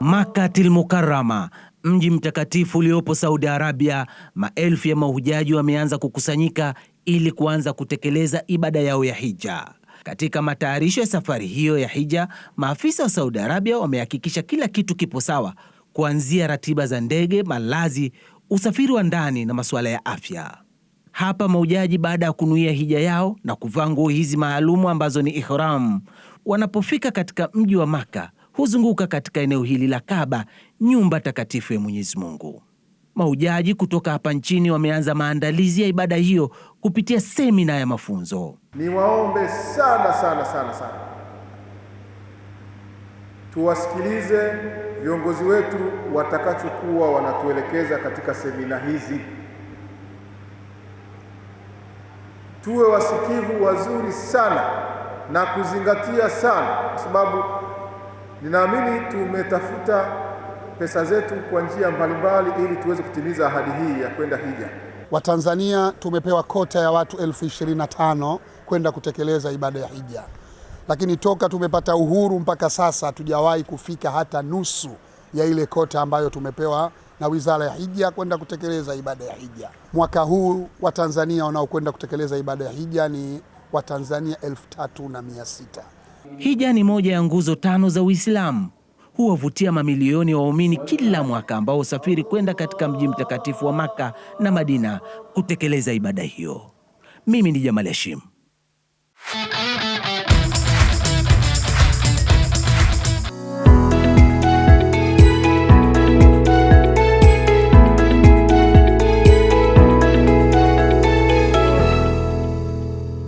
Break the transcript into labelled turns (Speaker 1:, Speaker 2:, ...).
Speaker 1: Makatil Mukarama, mji mtakatifu uliopo Saudi Arabia, maelfu ya mahujaji wameanza kukusanyika ili kuanza kutekeleza ibada yao ya hija. Katika matayarisho ya safari hiyo ya hija, maafisa wa Saudi Arabia wamehakikisha kila kitu kipo sawa, kuanzia ratiba za ndege, malazi, usafiri wa ndani na masuala ya afya. Hapa maujaji baada ya kunuia hija yao na kuvaa nguo hizi maalumu ambazo ni ihram, wanapofika katika mji wa Maka huzunguka katika eneo hili la kaba nyumba takatifu ya Mwenyezi Mungu. Maujaji kutoka hapa nchini wameanza maandalizi ya ibada hiyo kupitia semina ya mafunzo.
Speaker 2: Niwaombe sana sana sana sana, tuwasikilize viongozi wetu watakachokuwa wanatuelekeza katika semina hizi. Tuwe wasikivu wazuri sana na kuzingatia sana, kwa sababu Ninaamini tumetafuta pesa zetu kwa njia mbalimbali ili tuweze kutimiza ahadi hii ya kwenda hija.
Speaker 3: Watanzania tumepewa kota ya watu elfu ishirini na tano kwenda kutekeleza ibada ya hija, lakini toka tumepata uhuru mpaka sasa hatujawahi kufika hata nusu ya ile kota ambayo tumepewa na Wizara ya Hija kwenda kutekeleza ibada ya hija. Mwaka huu Watanzania wanaokwenda kutekeleza ibada ya hija ni Watanzania elfu tatu na mia sita.
Speaker 1: Hija ni moja ya nguzo tano za Uislamu, huwavutia mamilioni ya waumini kila mwaka ambao husafiri kwenda katika mji mtakatifu wa Makka na Madina kutekeleza ibada hiyo. Mimi ni Jamal Hashim.